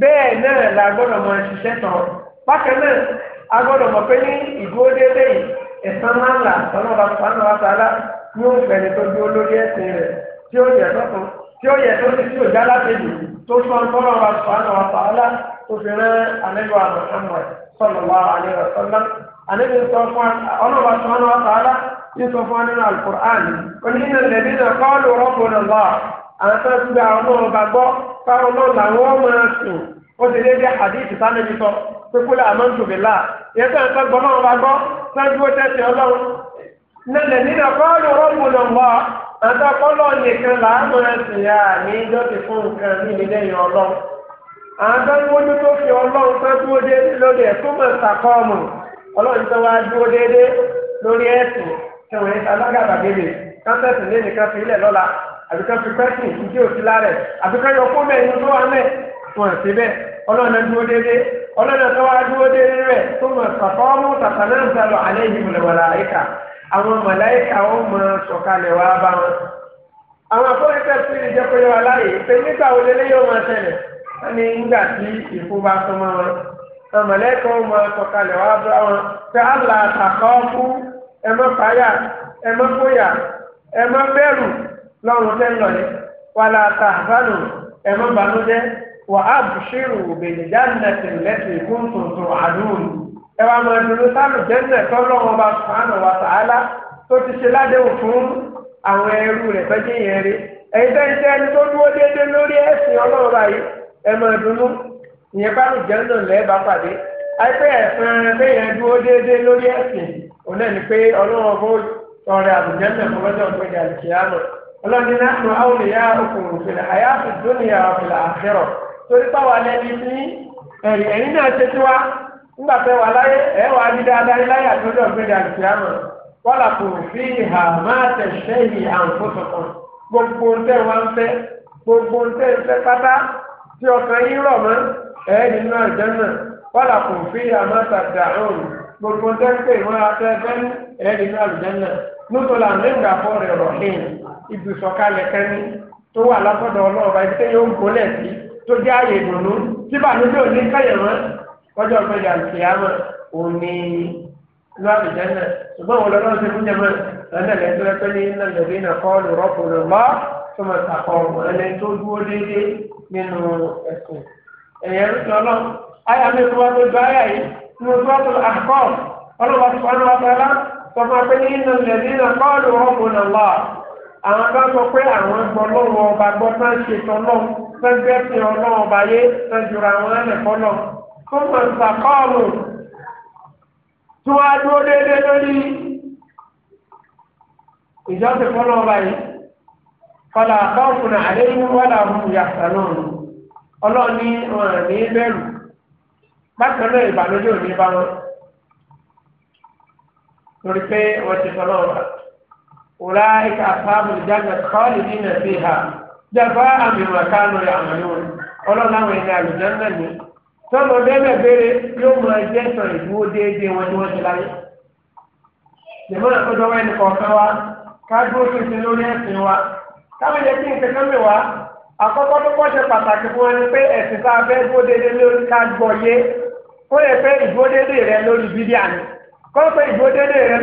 bẹ́ẹ̀ náà la gbọ́dọ̀ mọ ṣiṣẹ́ tán bákan náà a gbọ́dọ̀ mọ̀ pé ní ìdúró déédé yìí ẹ̀sán máa ń là sọ́nà bá sọ́nà bá sọ́nà ní oṣù ẹni tó dúró lórí ẹ̀sìn rẹ̀ tí ó yẹ sọ́tún tí ó yẹ tó ti tí ò já látẹ̀jù tó sọ sọ́nà bá sọ́nà bá sọ́nà tó fi rán anẹ́gbọ́ àmọ̀ àmọ̀ sọ̀nà wà àlẹ́ ọ̀sọ́nà anẹ́gbẹ́ sọ fún ọ̀nà bá sọ́nà bá sọ́nà àwọn tó ń gba ọmọ ọba gbọ́ fáwọn náà làwọn máa sùn ó ti déédéé àdéhìí sánẹ́bí sọ pé kúlẹ̀ àmọ́ ń tòbí láà ìyẹn tó ń tọ́ gbọ́ náà ọba gbọ́ sáájú ó tẹ̀sí ọlọ́run nílẹ̀ nínú kọ́ọ̀lù rọ́ọ̀mù lọ mọ́ àtàkọ́lọ́ nìkan làámọ̀ ẹ̀sìn yá ní ìjọ ti fún nǹkan ní ilé yẹn ọlọ́run àtàkọ́lù tó fi ọlọ́run tó dúró déédéé lórí ẹ̀ tó mọ̀ sàkọ́ọ̀mù ọlọ́run tó wá dúró déédéé lórí ẹ̀sìn tẹ̀wọ̀n ẹ̀sìn alágàbàgebè káńtẹ̀sì lé nìkan fi ilẹ̀ lọ́la àbíkẹ́ fi pẹ́sìn ìdí òsì lára ẹ̀ àbíkẹ́ yọ kó mẹ́rin tó wà mẹ́ wọn sí bẹ́ẹ̀ ọlọ́run dúró dédé ọlọ́run tó wá dúró dédé rẹ̀ tó mọ̀ sàkọ́mù sàkàlẹ́ ń sálọ alẹ́ yìí mọ̀lẹ́wọ̀lá àyíká àwọn mọ̀láyíká ó mọ sọ̀kalẹ̀ wá bá wọn. àwọn afọ́nifẹ́ sí ni jẹ́ pé wà láàyè pé nígbà wo lélẹ́ yóò máa tẹ̀lẹ̀ wọ́n ní nígbà tí ìfú bá tún lọ́rùn tẹ́lọ̀ yẹn wàlá tàbánù ẹ̀mọ́ bànújẹ́ wà á bùṣírù òbèlèjà nẹ̀tì lẹ́tì fún tuntun àdúrà ẹ wàá mọ ẹdùnú sálù jẹ́nẹ̀ tọ́lọ́ wọn bá sùnánù wà sàálà tó ti ṣe ládéhùn fún àwọn ẹrú rẹ̀ fẹ́jì yẹn rí ẹ̀yin tẹ́ ń tẹ́ ẹni tó dúró lórí ẹ̀sìn ọlọ́run báyìí ẹdùnú ìyẹn bá lù lẹ́ẹ̀ bá pàdé àìpẹ́ ẹ̀sìn ọlọ́ni náà nù áwòlè yá òkùnrin òfin àyà ìdóníyà ọ̀fìlà àfẹ́rọ̀ torí pàwọ́ alẹ́ ní ní ẹ̀rí ẹ̀rí náà ṣe tiwa nígbà tẹ wà láyé ẹ̀ wà á di dáadáa láyé àtọ́jú ọ̀gbẹ́dẹ àlùfíàmọ̀ wọ́lá kò fi ìhà máa tẹ̀sẹ̀ yìí àǹfọ̀sọ̀ kan gbogbo ń tẹ̀ wá ń fẹ́ gbogbo ń tẹ̀ ń fẹ́ pátá tí ọkàn ibùsọ̀kalẹ̀ kẹ́ni tó wà látọ̀dọ̀ ọlọ́ọ̀bá ibi tẹ́yẹ ń gbólẹ̀ sí tó jẹ́ ààyè ìdùnnú tí bàmídé òní kẹyẹ̀ mọ́ kọjọ́ gbẹ̀dẹ̀ àti àmọ́ òní lọ́ọ̀bì jẹ́nà ṣùgbọ́n wọn lọ́dọ̀ ṣe fún jẹ́mọ́ ẹ̀nà lẹ́tọ́lẹ́ pé ní iná lẹ́bí iná kọ́ọ̀lù rọ́pùlù lọ́ tó mọ̀ sàkọ́ ẹni tó dúró déédéé nínú ẹ̀sìn ẹ̀yẹn lọ́lọ́ àyà mi tó wá tó àwọn bá sọ pé àwọn gbọ́ lọ́wọ́ ọba gbọ́ tá ń ṣe tán lọ́wọ́ tá ń gbẹ́sìn ọlọ́wọ́ ọba yé tá ń jura àwọn ẹ̀kọ́ lọ. tó mọ̀ ń sàkọ́ọ̀lù tí wọ́n á dúró déédéé lórí ìjọsìn fọlọ́wọ́ báyìí. kọlà bọ́ọ̀kùn àléyìn wọ́là ọ̀hún yàtọ̀ náà ọlọ́ọ̀ni ọ̀ràn ní bẹ́ẹ̀rù bákan náà ìbànújẹ́ ò ní bá wọn torí pé wọ́n ti fọlọ́wọ́ báyìí. أولئك أصحاب الجنة خالدين فيها جزاء بما كانوا يعملون ọlọ́run láwọn ẹni àlùjáná ni tọ́lọ̀ bẹ́ẹ̀ bẹ́ẹ̀rẹ̀ yóò mọ ẹgbẹ́ sàn ìdúró déédéé wọn ni wọ́n ti láyé. jẹ̀mọ́ àtọ́jọ́wọ́ ẹnì kọ̀ọ̀kan wa ká dúró tuntun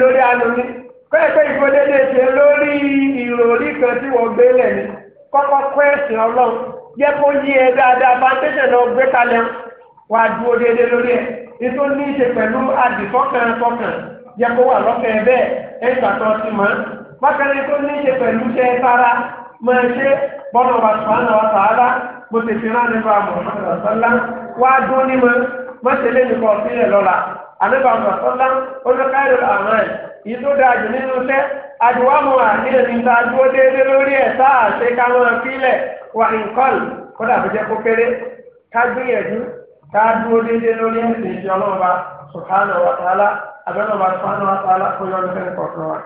lórí pẹ́ẹ́pẹ́ ìfọdédé ṣe lórí ìròrí kan tí wọ́n gbé lẹ̀ ní kọ́kọ́ kọ́ ẹ̀sìn ọlọ́run jẹ́ kó yí ẹ dáadáa foundation náà gbé kalẹ̀ wà á dúró déédéé lórí ẹ̀ nítorí ní í ṣe pẹ̀lú àdìsọ́kàn sọ́kàn jẹ́ kó wà lọ́kẹ́ bẹ́ẹ̀ ẹ̀ ń gbàtọ́ sí mọ́ bákan tó ní í ṣe pẹ̀lú ṣe sára máa ṣe bọ́lá wa sùpánà wa sàárà bó ti fi rán nípa àmọ̀ràn sọ́lá wá dún ní mọ́ mọ́ṣẹ́lẹ́ nìkan sílẹ̀ lọ́la àníbàmọ̀ sọ́lá olùkáyọ̀ àmọ́ ẹ̀ ìlú dájú nínú iṣẹ́ àdìwámọ̀ àníyàn ní ta dúró déédéé lórí ẹ̀ tá a ṣe ká máa fílẹ̀ wà nǹkan kódà tó jẹ́ kó kéré ká gbìyànjú ká dúró déédéé lórí ẹ̀sìn ìṣẹ́ ọlọ́run bá subhanahu wa ta'ala abẹ́rẹ́ ọba subhanahu kó yọ ọdún fẹ́ẹ́ kọ̀ọ̀kan wa.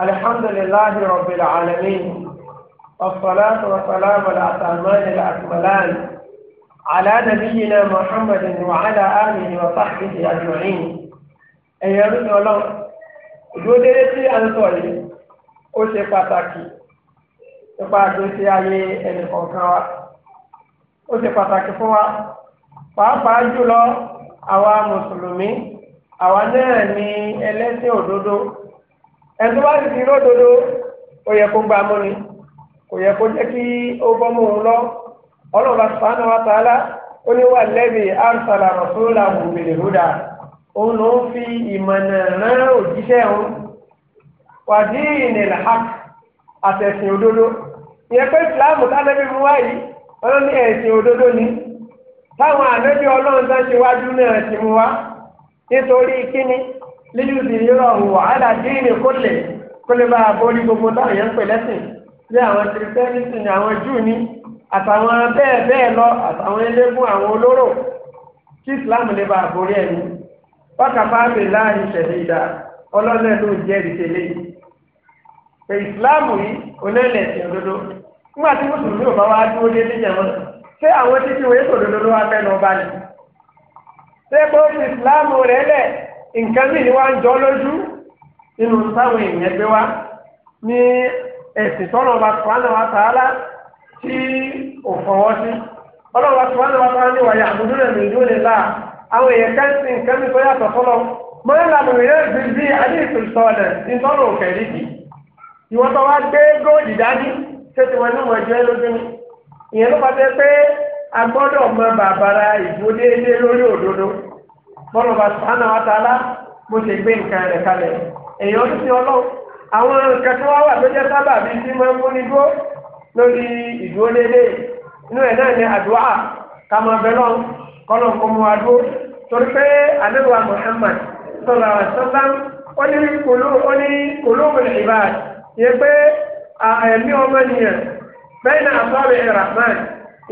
الحمد لله رب العالمين والصلاة والسلام الأتمان الأكملان على نبينا محمد وعلى آله وصحبه أجمعين ẹ̀yẹ rúni ọlọ́run ìdúródéré tí a ń sọ yìí ó ṣe pàtàkì nípa àgbèsè ayé ẹnì kọ̀ọ̀kan wa ó ṣe pàtàkì fún wa pàápàá jùlọ àwa mùsùlùmí àwa náà ní ẹlẹ́sìn òdodo ẹ̀sùn bá sì ti ródodo ó yẹ kó gbámú ni kò yẹ kó jẹ́ kí ó bọ́mú òun lọ ọlọ́ba sàánù wa tààlà ó ní wà lẹ́bi arsala rasúlà bil huda òun ló ń fi ìmọ̀nà rán òjíṣẹ́ òun wàdí ìnìlà hàk àtẹ̀sìn òdodo ìyẹn pé Islam tánẹ́bí mú wáyé ọlọ́run ní ẹ̀sìn òdodo ni táwọn ànábì ọlọ́run tán ṣe wájú náà ti mú wá nítorí kíni lílù sí ìrọ̀rùn wàhálà díìnì kólè kólè bá a borí gbogbo táwọn yẹn ń pè lẹ́sìn bí àwọn kìrìsìtẹ́nìtì ni àwọn júù ni àtàwọn bẹ́ẹ̀ bẹ́ẹ̀ lọ àtàwọn eléégún àwọn olóró kí ìsìláàmù lè bá a borí ẹni wákàtá mi láàyè ìṣẹ̀lẹ̀ ìdá ọlọ́lẹ̀ ló jẹ́ ìṣẹ̀lẹ̀ yìí pé ìsìláàmù yìí onílẹ̀ ẹ̀sìn òdodo nígbà tí mùsùlùmí ò bá wá dúró dé níjà ṣé àwọn títí wòye kò ló wá fẹ́ lọ bá ní. ṣé kó fi rẹ̀ lẹ̀ nǹkan mìíràn ni wá ń jọ lójú nínú táwọn èèyàn gbé wá ní ẹ̀sìn tọ́nà ọba sùpánà wa tààlà tí ò fọwọ́ sí ọlọ́run wa sùpánà wa tààlà ní wàyà àbúrò rẹ̀ mi ìdúró lè bá àwọn èèyàn ká sí nǹkan mìíràn tó yàtọ̀ fọlọ́ mọ́lá làwọn èèyàn fi bí adéètò sọ̀rọ̀ ní tọ́nà òkè nídìí ìwọ́n tó wá gbé góòdì dání ṣé ti wọn ní wọn jẹ́ lójú ni ìyẹn ló bá jẹ́ pé a gbọ́dọ̀ mọ bàbára bọ́lá bá sànà àtàlà bó ṣe gbé nǹkan rẹ̀ kalẹ̀ èèyàn ló ti ọlọ́ àwọn nǹkan tó wá wà tó jẹ́ sábà bí tí máa ń múni dúró lórí ìdúró dédé inú ẹ̀ náà ní àdúrà kàmọ́ bẹ́lọ́ kọ́lọ̀ kó mu adúró torí pé àdéhùwà Muhammad sọ̀rọ̀ àṣọ́lá ó ní kòlóògùn ìbáà yẹ pé ẹ̀mí ọmọ nìyẹn bẹ́ẹ̀ náà sọ̀rọ̀ ìràmán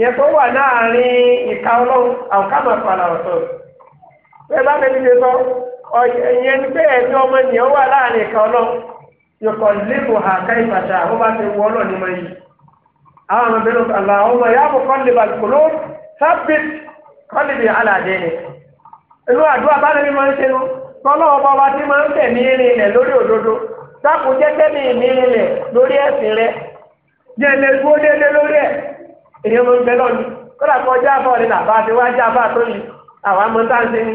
yẹ kó wà láàrin ìka ọlọ́run àwọn kàmọ́ pàlà ọ̀tọ̀. bẹ́ẹ̀ bá lè dìde sọ ìyẹn ọmọ ènìyàn wà láàrin kan náà yọkọ̀ lébò àká ka àbó bá ti wọ náà ní mọ́yì. àwọn ọmọ ìbẹ́lẹ̀ ọ̀la ọmọ ìyá àbò kọ́lé balùkòló sábẹ́t kọ́lé bí alàdé ni. inú àdúrà bá mi máa ń ṣe nu tọ́lọ́ ọba wa ti máa ń tẹ̀ ilẹ̀ lórí òdodo sáàpù jẹ́jẹ́ mi ilẹ̀ lórí ẹ̀sìn gbó délé lórí ẹ̀ ènìyàn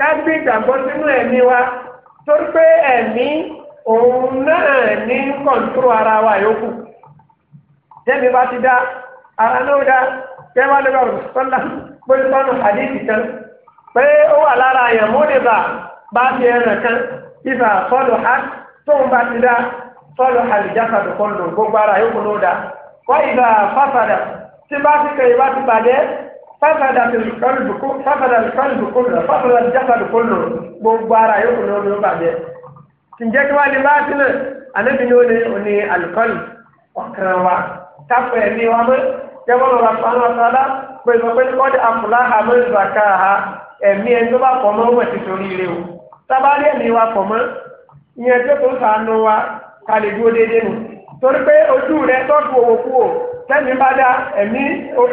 ká gbé ìgbàgbọ́ sínú ẹ̀mí wa torí pé ẹ̀mí òun náà ní kọ̀ǹtúrò ara wa yòókù jẹ́mi bá ti dá ara náà dá kẹ́wàá lọ́wọ́ sọ́lá pẹ́lúpọ́nù àdéhìí kan pé ó wà lára àyàn múlẹ̀bà bá ti ẹran kan ibà sọ́lù á tóun bá ti dá sọ́lù àlìjáfà tó kọ́ lò gbogbo ara yòókù ló dá wọ́n ibà fáfàdà tí bá ti kẹ́ ìbá ti bàjẹ́ fáfàdà kọlùbù kọlùbù fáfàdà jásàdù kọlùbù gbogbo ara yóò kùnà omi ó bàjẹ́ ǹjẹ́ kí wàá di bá sílẹ̀ ànábi ni ó ní òní alukọ́lù ọ̀kan wa káfọ̀ ẹ̀mí wa mọ́ yẹ́wọ́n lọ́wọ́ àwọn ọ̀sánlá pẹ̀lú pé kọ́dí àfúlá àmọ́ ìzàká ha ẹ̀mí ẹni tó bá pọ̀ mọ́ wọ̀ ti torí ire o sábà rí ẹ̀mí wa pọ̀ mọ́ ìyẹn tó tó sànù wa kálí dúró déédéé nù. torí pé ojú rẹ tọ́jú owó kú o tẹ́mi bá dá ẹ̀mí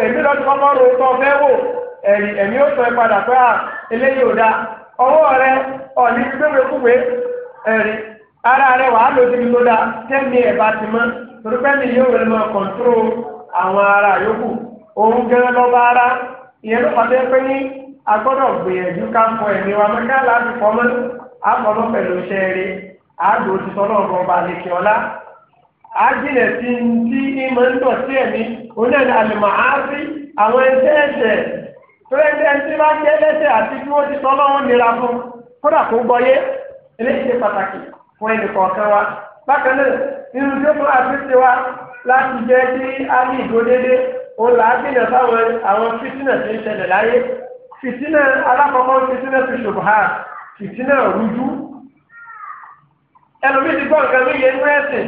ẹ̀mí lọ́dún kọ́kọ́ ro tó fẹ́ wò ẹ̀rì ẹ̀mí ó sọ ẹ pé à ọwọ́ rẹ ẹ̀rì ara rẹ wàá tẹ́mi ti mọ́ torí pé mi yóò rẹ kọ̀ǹtúrò àwọn ara yòókù òun gẹ́gẹ́ lọ́ba ara ìyẹn ló pàdé pé ní gbìyànjú ká fọ ẹ̀mí wa mọ́ ájìnlẹ̀ sí ti ìmọ̀ ń dọ̀ sí ẹ̀mí onílẹ̀ àlùmọ̀ áárí àwọn ẹgbẹ́ ẹ̀sẹ̀ tó ẹgbẹ́ tí máa ń jẹ́ lẹ́sẹ̀ àti bí wọ́n ti sọ lọ́wọ́ nira fún kódà kó gbọ́yé eléyìí ṣe pàtàkì fún ẹnì kọ̀ọ̀kan wa bákan náà nínú tí ó fún àfihàn wa láti jẹ́ kí á ní ìdódédé òun là á gbìyànjú sáwọn àwọn fìtínà tí ń ṣẹlẹ̀ láyé fìtínà alákọ̀ọ́kọ́ fìtínà tó ṣòbá fìtínà rújú ẹlòmíì ti gbọ́ nǹkan lóye inú ẹ̀sìn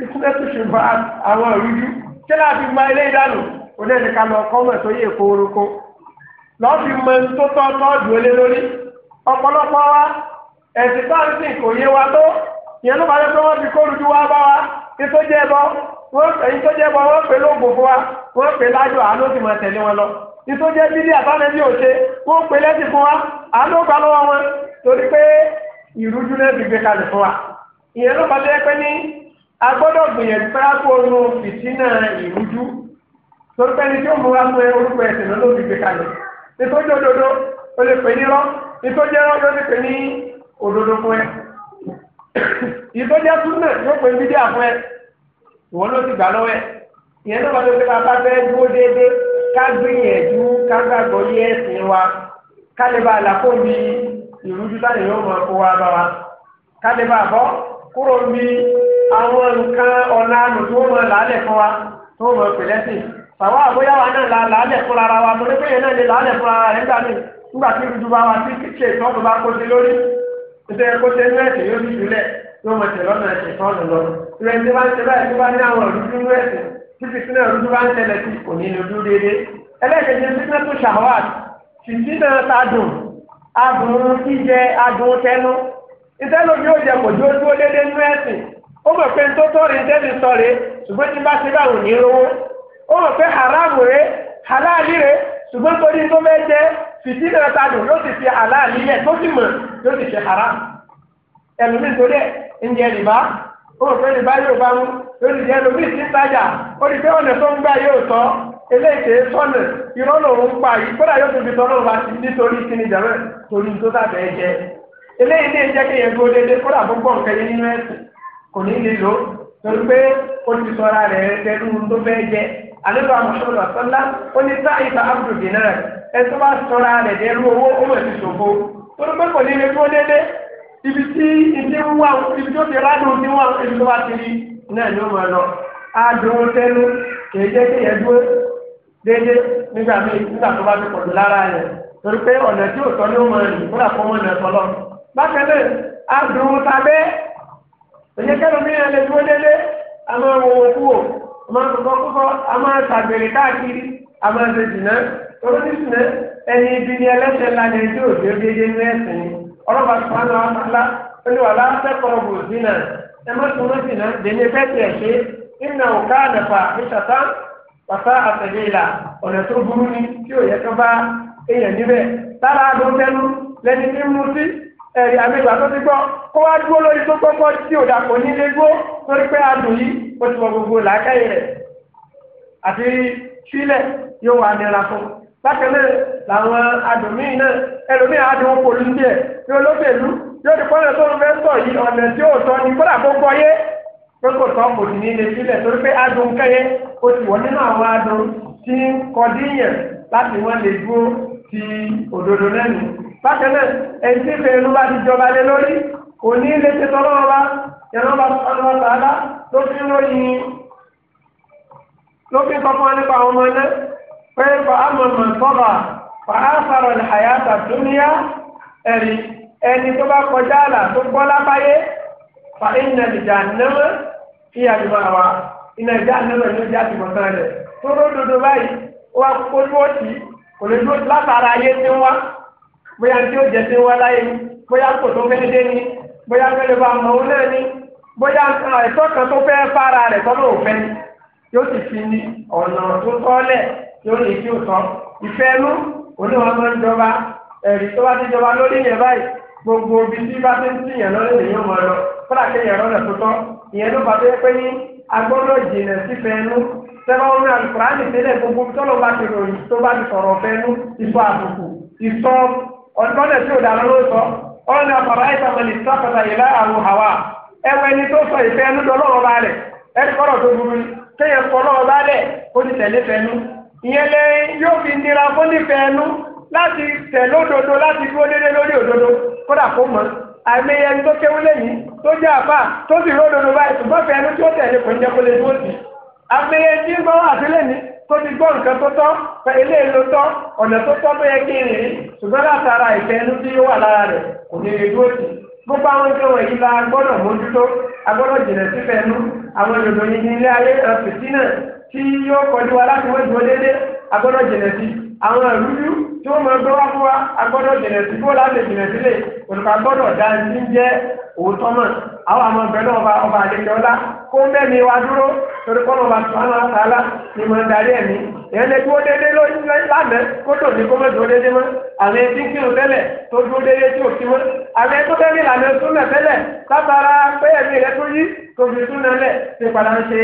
ìkúlẹ̀ tó ṣe fa àwọn ìrújú tí láti máa ilé ìdánù onílẹ̀ ká lọ kọ́ mọ̀ tó yẹ kó orúkọ lọ́ọ́ fi mọ tó tọ́ tọ́jú olé lórí ọ̀pọ̀lọpọ̀ wa ẹ̀sìn táǹsì kò yé wa tó ìyẹn ló bá yẹ pé wọ́n fi kórujú wa bá wa ètò jẹ́ bọ́ èyí tó jẹ́ bọ́ wọ́n pè lóògùn fún wa wọ́n pè lájọ àánú sì máa tẹ̀lé wọn lọ èyí tó jẹ́ bídí àtàlẹ́bí òṣè wọ́n pè lẹ́sìn fún wa àánú gbà lọ́wọ́ wọn torí pé ìrújú náà fi gbé kalẹ̀ fún wa ìyẹn ló bá yẹ pé ní a gbọ́dọ̀ gbìyànjú pé a kó nu fìtínà ìrújú torí pé ní tí ó mú wa pé orúkọ ẹ̀sìn náà ló fi gbé kalẹ̀ nítorí òdodo ó lè pè ní rọ́ nítorí ẹ̀rọ ló lè pè ní òdodo fún ẹ ìtọ́jú àtúntò yóò pè ní bídíà fún ẹ ìwọ ló ti gbà lọ́wọ́ ẹ ìyẹn náà wọ́n ló ti bá fẹ́ dúró déédéé ká gbìyànjú ká gbàgbọ́ yé ẹ̀sìn wa ká lè bá àlàfo mi ìrújú táyà yóò mọ̀ kó wa bá wa ká lè bá bọ́ kúrò mi àwọn nǹkan ọ̀nà àlù tó làálẹ̀ fún wa tó mọ̀ pẹ̀lẹ́sìn àwọn àbóyá náà wa mo ní pé yẹn náà làálẹ̀ fún ara rẹ̀ nígbà míì nígbà tí dúdú bá wa ṣe ìtọ́jú bá kó sí lórí ṣe kó ṣe ní ẹ̀sìn yóò lẹ̀ mọ̀ lọ. bá ń ṣe báyìí tó bá ní àwọn ní ẹ̀sìn títí bá ń ṣẹlẹ̀ ó mọ̀ pé tó tọ́rí tẹ́lì sọ̀rẹ́ ṣùgbọ́n tí bá ṣe báwọn ní rówó ó mọ̀ pé haramu rẹ halali rẹ ṣùgbọ́n torí tó fẹ́ jẹ́ fìdílé ọ̀tàdù yóò ti fi halali yẹ tó ti mọ̀ yóò ti fi haram ẹlòmí torí ẹ̀ ń jẹ rìbá ó mọ̀ pé rìbá yóò bá mú yóò ti jẹ́ ẹlòmí sí tájà ó rí pé ọ̀nà tó ń gbà yóò tọ́ eléyìí sọ̀nà irọ́ lòun ń pa yìí kódà yóò tún fi tọ́ lọ́wọ́ kò ní lè lò torí pé ó ti sọra rẹ̀ ẹ̀ẹ́dẹ́rú tó fẹ́ jẹ àlejò àmọ́sọ́lọ́ sọ́lá ó ní sáìsà abdul dinar ẹ tó bá sọra rẹ̀ dẹ́rú owó ó mọ̀ sí ṣòfò torí pé kò ní lè dúró dédé ibi tí ibi ń wà ibi tó ti rádùn ti wà ibi tó bá ti rí náà ni ó mọ̀ lọ adùn tẹnu kìí jẹ́ kí yẹn dúró dédé nígbà míì nígbà tó bá ti pọ̀ jù lára rẹ̀ torí pé ọ̀nà tí ò tọ́ ní ó mọ̀ rìn kó òye kẹ́lò mi yẹn lè dúró délé a máa wọ òkú o a máa tọ̀tọ̀ kúkọ a máa tàgbèrè káàkiri a máa ṣe jìnnà torí ní jìnnà ẹni ibi ni ẹlẹ́sẹ̀ ńlá ni ẹjọ́ òbí ó déédéé ní ẹ̀sìn ni ọlọ́pàá tó wà náà wà lọ́wọ́ aláṣẹ́kọ̀ọ́ bò jìnnà ẹ má tún lọ jìnnà dèmi bẹ́ẹ̀ tiẹ̀ ṣe ìnà òkà àdàpà ìṣàtà pàtà àtẹ̀lé ìlà ọ̀nà tó burú ni tí ò yẹ kó bá èèyàn níbẹ̀ tára àdó tẹnu lẹni tí ń mutí ẹ̀rí àmìgbà tó ti gbọ́ kó wá dúró lórí tó kọ́kọ́ tí ò dàpọ̀ nílé gbó torí pé adùn yìí ó ti wọ gbogbo làákàyè rẹ̀ àti sílẹ̀ yóò wà nira fún bákẹ́lẹ́ làwọn adùn míì náà ẹlòmíì adùn polú díẹ̀ yóò lóbèlú yóò di pọ́nlẹ̀ tó ń fẹ́ sọ yìí ọ̀nà tí ò tọ́ ni kódà kó gbọ́ yé pé kò tọ́ kò sì ní ilé sílẹ̀ torí pé adùn kẹ́yẹ ó ti wọ̀ nínú àwọn adùn tí ń kọ díyàn láti wọ́n lè dúró ti òdodo lẹ́nu bákan náà ẹni tí ìfẹ́ ìlú bá ti jọba lé lórí kò ní ilé tí tọ́lọ́wọ́ bá yẹn bá ọ̀nà ọ̀tàlá ló fi lóyìn ló fi kọ́kọ́ nípa àwọn ọmọ iná pé fa amọ̀mọ̀ tọ́ba fa áfàrọ̀ àyàtà tó níyà ẹ̀rí ẹni tó bá kọjá àlà tó gbọ́ lápáyé fa iná ìjà nẹ́mọ́ kí àdúgbò àwa iná ìjà nẹ́mọ́ ló jẹ́ àtìmọ́tán rẹ̀ tó ló dodo báyìí ó wá kó lóòtì kò lè dúró látara ayé tí ń wá bóyá tí ó jẹ sí wá láyé ni bóyá kò tó fẹ́ dé ni bóyá fẹ́lẹ́ bá mọ òun náà ni bóyá ẹ̀tọ́ kan tó fẹ́ fara rẹ̀ tọ́lọ́ òfẹ́ yóò sì fi ní ọ̀nà tó tọ́lẹ̀ yóò lè fi òtọ́ ìfẹ́ mú oníwà máa ń jọba ẹ̀rí tó bá ti jọba lórí yẹn báyìí gbogbo ibi tí bá ti ń tì yẹn lọ́lẹ̀ lè yóò máa lọ kódà kí yẹn lọ́lẹ̀ tó tọ́ ìyẹn ló bá tó pé ní agbọ́dọ̀ jìnà sífẹ́ mú sẹ́wọ́n orí alukùránì tẹ́lẹ̀ gbogbo tọ́lọ́ bá ti ròyìn tó bá ti sọ̀rọ̀ fẹ́ mú àbùkù ìfọ́ ọ̀nà tí ó dára ló sọ ọ̀nà àpàrà ìtàkùn ní sáfàtà ìlà àrùn hàwà ẹwẹ́ ni tó sọ ìfẹ́ ẹnu dọ́ lọ́wọ́ bá rẹ̀ ẹni kọ́rọ̀ tó burú ni kéèyàn kọ́ lọ́wọ́ bá rẹ̀ kó ti tẹ̀lé fẹ́nu ìyẹn lẹ yóò fi nira fún nífẹ̀ẹ́ ẹnu láti tẹ̀lé òdodo láti dúró dédé lórí òdodo kódà kó mọ̀ àmì ẹni tó kéwú lẹ́yìn tó jẹ́ àfà tó sì ródodo báyìí ṣùgbọ́n fẹ́ẹ́ ẹnu tí ó tẹ̀lé kò ní jẹ́ kó lè dúró sí àmì ẹni tí ń gbọ́ wà tó ti gbọ́ nǹkan tó tọ́ pé ilé ló tọ́ ọ̀nà tó tọ́ tó yẹ kí n rìn ṣùgbọ́n látara ìfẹ́ inú tí ó wà lára rẹ̀ kò ní rí dúró sí gbogbo àwọn nǹkan wọ̀nyí la gbọ́dọ̀ mójútó a gbọ́dọ̀ jìnà sífẹ́ inú àwọn yòdò yìí ní ilé ayé kan fìtínà tí yóò kọjú wa láti wọ́n dúró dédé a jìnà sí àwọn ìrújú tí ó máa gbọ́ wá fún wa a jìnà sí bó láti jìnà sílẹ̀ òǹkà àwọn àmọ́ bẹ́ẹ̀ náà ọba ọba àdéjọ́ ọlá kó mẹ́mi wá dúró torí kọ́ ọba tó àwọn àtàlà ni mo ń darí ẹ̀mí èèyàn lè dúró dédé lánàá kó tó ní kó mọ̀ dúró dédé mọ́ àmì ẹtí kírun tẹ́lẹ̀ tó dúró dédé tí ò sí mọ́ àmì ẹtí bẹ́ẹ̀ ní ìlànà súnmọ̀ tẹ́lẹ̀ látara pé ẹ̀mí rẹ tó yí tó fi súnmọ̀ lẹ̀ ti padà ń ṣe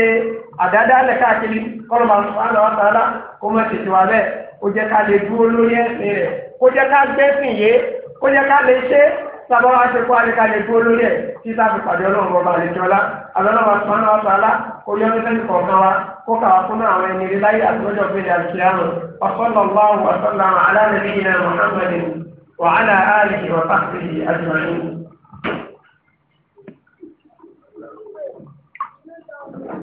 àdáda lẹ̀ káàkiri kọ́ ọba tó àwọn àtàlà kó mọ̀ tètè wà sábà wá ṣe kó àríkàlẹ̀ dúró lórí ẹ̀ tí láti pàdé ọlọ́run ọba àlejòọlá àlọ́lọ́wà sọ́nà ọ̀sálá kó yọ ní sẹ́yìn kọ̀ọ̀kan wa kó kàwá fún àwọn ẹni rí láyé àtúnjọ gbélé àkíyàmù ọ̀sọ́lọ́wọ́ ọ̀sọ́lọ́wọ́ alánàbíyìnà muhammadin wàhálà áàlì ìwọ̀sáfì àjùmáyìn.